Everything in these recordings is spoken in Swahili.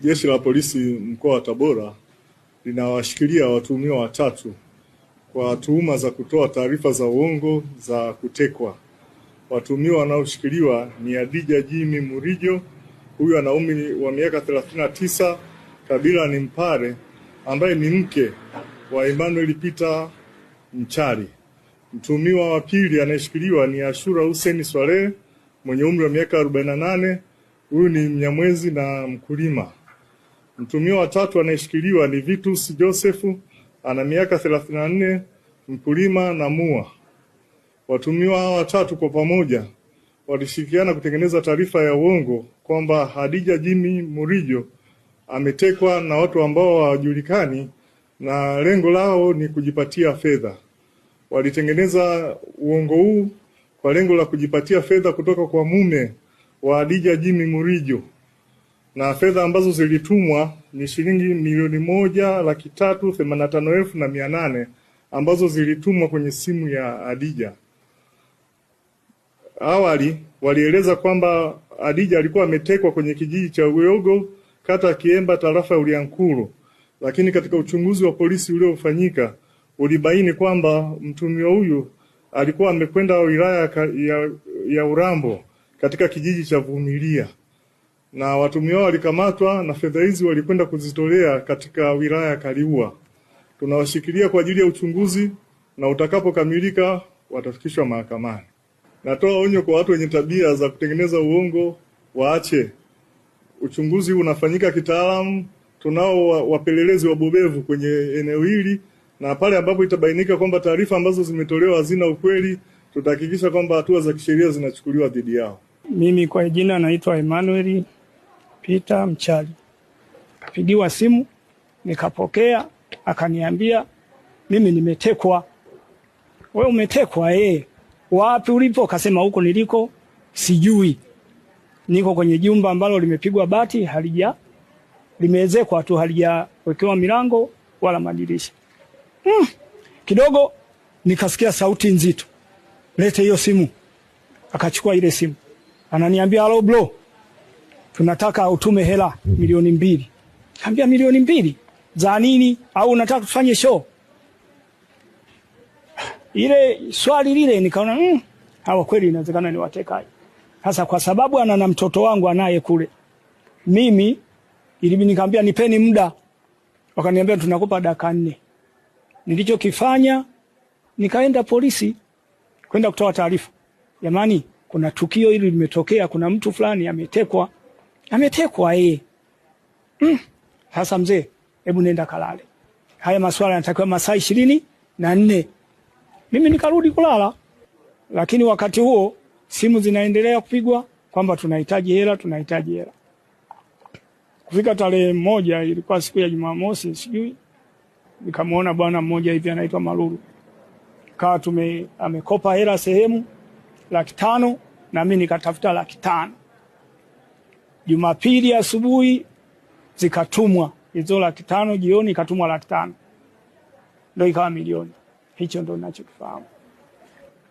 Jeshi la Polisi mkoa wa Tabora linawashikilia watuhumiwa watatu kwa tuhuma za kutoa taarifa za uongo za kutekwa. Watuhumiwa wanaoshikiliwa ni Adija Jimmy Murijo, huyu ana umri wa miaka 39, kabila ni Mpare, ambaye ni mke wa Emmanuel Peter Mchari. Mtuhumiwa wa pili anayeshikiliwa ni Ashura Hussein Swalehe mwenye umri wa miaka 48, huyu ni Mnyamwezi na mkulima wa watatu anayeshikiliwa ni Vitus josephu ana miaka 34, mkulima na mua. watumiwa hawa watatu kwa pamoja walishirikiana kutengeneza taarifa ya uongo kwamba Hadija Jimmy Murijo ametekwa na watu ambao hawajulikani na lengo lao ni kujipatia fedha. Walitengeneza uongo huu kwa lengo la kujipatia fedha kutoka kwa mume wa Hadija Jimmy Murijo na fedha ambazo zilitumwa ni shilingi milioni moja laki tatu themanini na tano elfu na mia nane ambazo zilitumwa kwenye simu ya Adija. Awali walieleza kwamba Adija alikuwa ametekwa kwenye kijiji cha Uyogo, kata Kiemba, tarafa ya Uliankuru, lakini katika uchunguzi wa polisi uliofanyika ulibaini kwamba mtumio huyu alikuwa amekwenda wilaya ya, ya Urambo katika kijiji cha Vumilia na watumio walikamatwa na fedha hizi walikwenda kuzitolea katika wilaya ya Kaliua. Tunawashikilia kwa ajili ya uchunguzi na utakapokamilika watafikishwa mahakamani. Natoa onyo kwa watu wenye tabia za kutengeneza uongo waache. Uchunguzi unafanyika kitaalamu. Tunao wapelelezi wabobevu kwenye eneo hili, na pale ambapo itabainika kwamba taarifa ambazo zimetolewa hazina ukweli, tutahakikisha kwamba hatua za kisheria zinachukuliwa dhidi yao. Mimi kwa jina naitwa Emmanuel Peter Mchali. Kapigiwa simu nikapokea, akaniambia mimi nimetekwa. We umetekwa? Eh, wapi ulipo? Kasema huko niliko sijui, niko kwenye jumba ambalo limepigwa bati, halija limeezekwa tu, halijawekewa milango wala madirisha. Mm, kidogo nikasikia sauti nzito, lete hiyo simu. Akachukua ile simu, ananiambia halo bro tunataka utume hela milioni mbili. Kaambia milioni mbili za nini? Au unataka tufanye show? Ile swali lile nikaona mm, hawa kweli inawezekana ni watekaji. Sasa kwa sababu ana na mtoto wangu anaye kule, mimi ilibidi nikaambia nipeni muda, wakaniambia tunakupa dakika nne. Nilichokifanya nikaenda polisi kwenda kutoa taarifa, jamani, kuna tukio hili limetokea, kuna mtu fulani ametekwa ametekwa yeye. Mm. Sasa mzee, hebu nenda kalale. Haya maswala yanatakiwa masaa ishirini na nne. Mimi nikarudi kulala, lakini wakati huo simu zinaendelea kupigwa kwamba tunahitaji hela, tunahitaji hela. Kufika tarehe moja, ilikuwa siku ya Jumamosi, sijui nikamwona bwana mmoja hivi anaitwa Maruru kaa tume amekopa hela sehemu laki tano na mimi nikatafuta laki tano Jumapili asubuhi zikatumwa hizo laki tano, jioni ikatumwa laki tano, ndio ikawa milioni. Hicho ndio ninachokifahamu.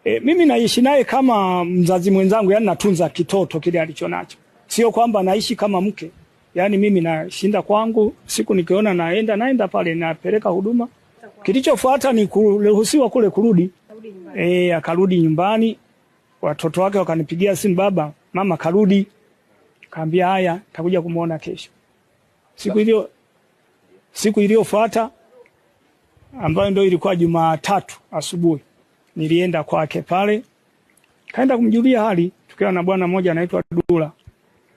E, mimi naishi naye kama mzazi mwenzangu, yani natunza kitoto kile alicho nacho, sio kwamba naishi kama mke. Yani mimi nashinda kwangu, siku nikiona naenda naenda pale napeleka huduma. Kilichofuata ni kuruhusiwa kule kurudi. Eh, akarudi nyumbani, watoto wake wakanipigia simu, baba mama karudi. Kaambia haya, takuja kumwona kesho. Siku hiyo siku iliyofuata ambayo ndio ilikuwa Jumatatu asubuhi, nilienda kwake pale, kaenda kumjulia hali tukiwa na bwana mmoja anaitwa Dula.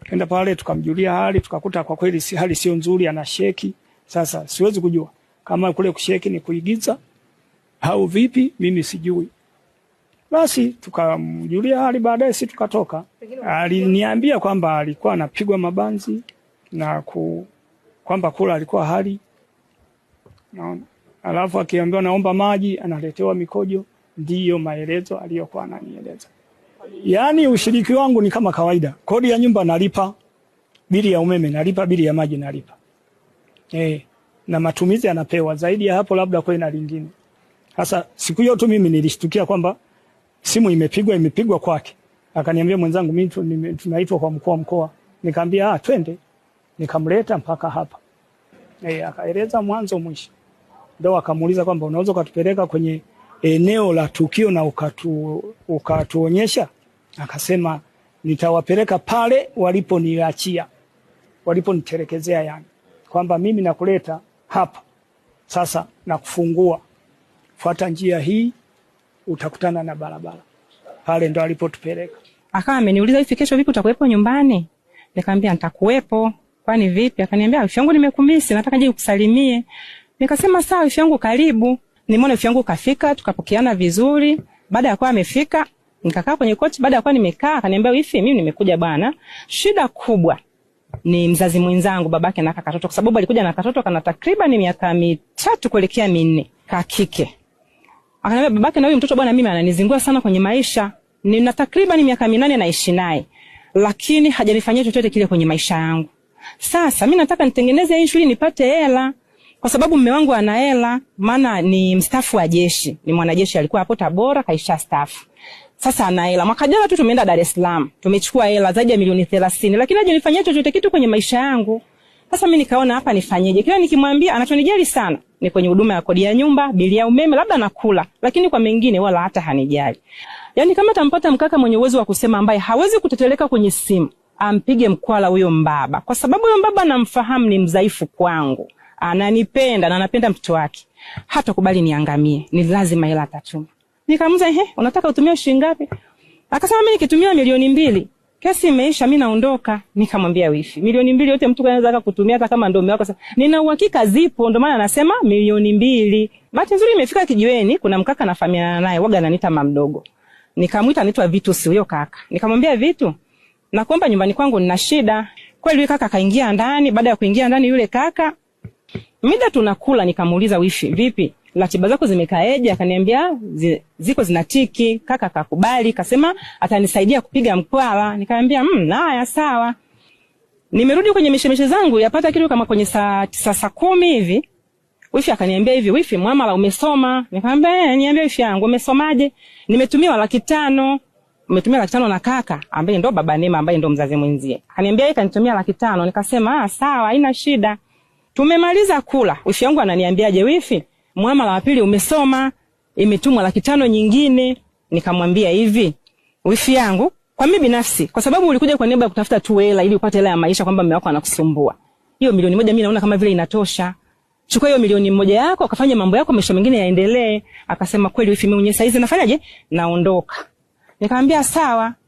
Kaenda pale tukamjulia hali, tukakuta kwa kweli si hali sio nzuri, ana sheki. Sasa siwezi kujua kama kule kusheki ni kuigiza au vipi, mimi sijui. Basi tukamjulia hali, baadaye si tukatoka. Aliniambia kwamba alikuwa anapigwa mabanzi na ku, kwamba kula alikuwa hali naona, alafu akiambiwa naomba maji analetewa mikojo. Ndiyo maelezo aliyokuwa ananieleza. Yaani ushiriki wangu ni kama kawaida, kodi ya nyumba nalipa, bili ya umeme nalipa, bili ya maji nalipa, e, na matumizi anapewa. Zaidi ya hapo labda kwenda lingine. Sasa siku hiyo tu mimi nilishtukia kwamba simu imepigwa, imepigwa kwake. Akaniambia mwenzangu, mimi tunaitwa kwa mkuu wa mkoa. Nikamwambia ah, twende. Nikamleta mpaka hapa e, akaeleza mwanzo mwisho, ndo akamuuliza kwamba unaweza ukatupeleka kwenye eneo la tukio na ukatu, ukatuonyesha. Akasema nitawapeleka pale waliponiachia, waliponiterekezea, yani kwamba mimi nakuleta hapa sasa, nakufungua, fuata njia hii utakutana na barabara pale, ndo alipotupeleka. Akawa ameniuliza hivi, kesho vipi utakuwepo nyumbani? Nikamwambia nitakuwepo. Kwani vipi? Akaniambia wifi yangu nimekumisi, nataka nje nikusalimie. Nikasema sawa wifi yangu, karibu. Nimeona wifi yangu kafika, tukapokeana vizuri. Baada ya kuwa amefika, nikakaa kwenye kochi. Baada ya kuwa nimekaa, akaniambia wifi, mimi nimekuja bwana, shida kubwa ni mzazi mwenzangu babake na katoto, kwa sababu alikuja na katoto kana takriban miaka mitatu kuelekea minne, kakike akaniambia babake na huyu mtoto bwana, mimi ananizingua sana kwenye maisha, nina takriban miaka minane naishi naye, lakini hajanifanyia chochote kile kwenye maisha yangu. Sasa mi nataka nitengeneze issue ili nipate hela, kwa sababu mme wangu ana hela, maana ni mstaafu wa jeshi, ni mwanajeshi, alikuwa hapo Tabora, kaisha staafu. Sasa ana hela. Mwaka jana tu tumeenda Dar es Salaam, tumechukua hela zaidi ya milioni thelathini, lakini hajanifanyia chochote kitu kwenye maisha yangu. Sasa mi nikaona hapa nifanyeje? Kila nikimwambia anachonijali sana ni kwenye huduma ya kodi ya nyumba, bili ya umeme, labda nakula, lakini kwa mengine wala hata hanijali. Yani kama tampata mkaka mwenye uwezo wa kusema, ambaye hawezi kuteteleka kwenye simu, ampige mkwala huyo mbaba, kwa sababu huyo mbaba namfahamu, ni mdhaifu kwangu, ananipenda na anapenda mtoto wake, hata kubali niangamie, ni lazima hela atatuma. Nikamuza, ehe, unataka utumie shilingi ngapi? Akasema mimi nikitumia milioni mbili Kesi imeisha, mi naondoka. Nikamwambia wifi, milioni mbili yote mtu anaweza aka kutumia hata kama ndo ndio Sasa Nina uhakika zipo, ndo maana anasema milioni mbili. Bahati nzuri imefika kijiweni, kuna mkaka nafahamiana naye, waga ananiita mama mdogo. Nikamwita anaitwa Vitu, si huyo kaka. Nikamwambia Vitu, nakuomba nyumbani kwangu nina shida. Kweli yule kaka kaingia ndani, baada ya kuingia ndani yule kaka mida tunakula, nikamuuliza wifi, vipi? ratiba zako zimekaaje? Akaniambia zi, ziko zinatiki. Kaka kakubali kasema atanisaidia kupiga mkwala. Nikamwambia mm, haya sawa. Nimerudi kwenye mishemishe zangu, yapata kitu kama kwenye saa tisa saa kumi hivi. Wifi akaniambia hivi, wifi mwamala umesoma? Nikamwambia eh, niambia wifi yangu umesomaje? Nimetumiwa laki tano. Umetumia laki tano na kaka ambaye ndo baba Neema ambaye ndo mzazi mwenzie. Akaniambia yeye kanitumia laki tano. Nikasema ah, sawa haina shida. Tumemaliza kula. Wifi yangu ananiambiaje wifi? muamala wa pili umesoma, imetumwa laki tano nyingine. Nikamwambia hivi, wifi yangu, kwa mimi binafsi, kwa sababu ulikuja kwa niaba ya kutafuta tu hela ili upate hela ya maisha, kwamba mume wako anakusumbua, hiyo milioni moja mimi naona kama vile inatosha. Chukua hiyo milioni moja yako, akafanya mambo yako, maisha mengine yaendelee. Akasema kweli wifi, mimi mwenyewe hizi nafanyaje, naondoka. Nikamwambia sawa.